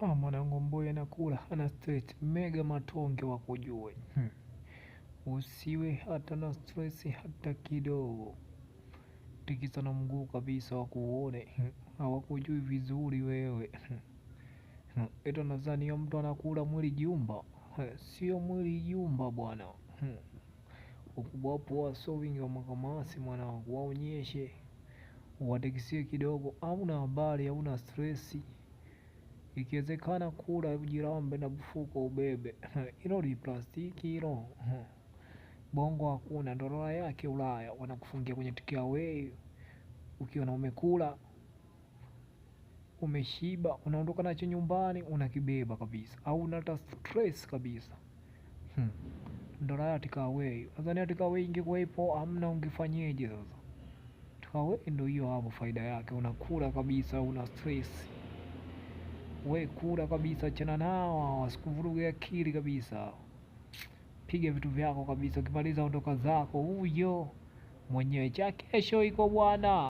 Ah, mwanangu mboye anakula ana stress, mega matonge wa kujue hmm. Usiwe hata na stress hata kidogo, tikisa na mguu kabisa wakuone hmm. Hawakujui vizuri wewe hmm. Eto hmm. nadhani hiyo mtu anakula mwili jumba hmm. Sio mwili jumba bwana hmm. Ukubwa wapo wasowingi wa makamasi mwanangu, waonyeshe watekisie kidogo, hauna habari, hauna stresi. Ikiwezekana kula jirambe na mfuko ubebe. ilo ni plastiki ilo Bongo hakuna ndo yake Ulaya. Wanakufungia kwenye takeaway. Ukiona umekula umeshiba unaondoka nacho nyumbani unakibeba kabisa au unaleta stress kabisa ndo raha ya takeaway Tanzania takeaway ingekuwa ipo amna ungefanyeje sasa takeaway ndo hiyo hapo faida yake unakula kabisa una stress we kula kabisa, achana nao, wasikuvuruge akili kabisa, piga vitu vyako kabisa, ukimaliza ondoka zako, huyo mwenyewe cha kesho iko bwana.